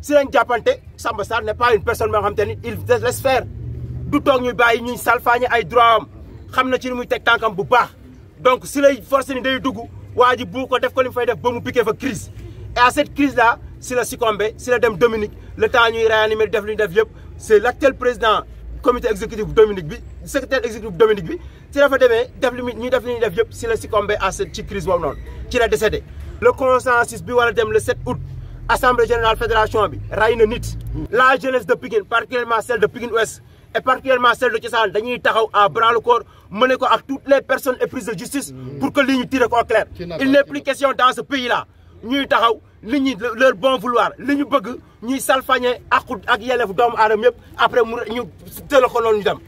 si lañ jàppante Samba Sarr n'est pas une personne moo il laisse faire Tout toog ñu bàyyi ñuy salfaañi ay droit am xam na ci ni muy teg bu donc si lay force ni day dugg waa bu ko def ko li mu fay def ba mu piqué fa crise et à cette crise là si la succombé si la dem Dominique le temps ñuy réanimer def li ñu def yëpp c' est président comité exécutif Dominique bi secrétaire exécutif Dominique bi si dafa demee def li ñuy def li ñuy def yëpp si la succombé à cette crise boobu non, qui la décédé le consensus bi war a le 7 août assemblée générale fédération bi nit. la jeunesse de Pikine particulièrement celle de Pikine Ouest et particulièrement celle de dañuy taxaw à bras le corps mené toutes les personnes de justice. pour que li tire clair. il n'est plus question dans ce pays là ñuy avons leur bon vouloir après ñu nous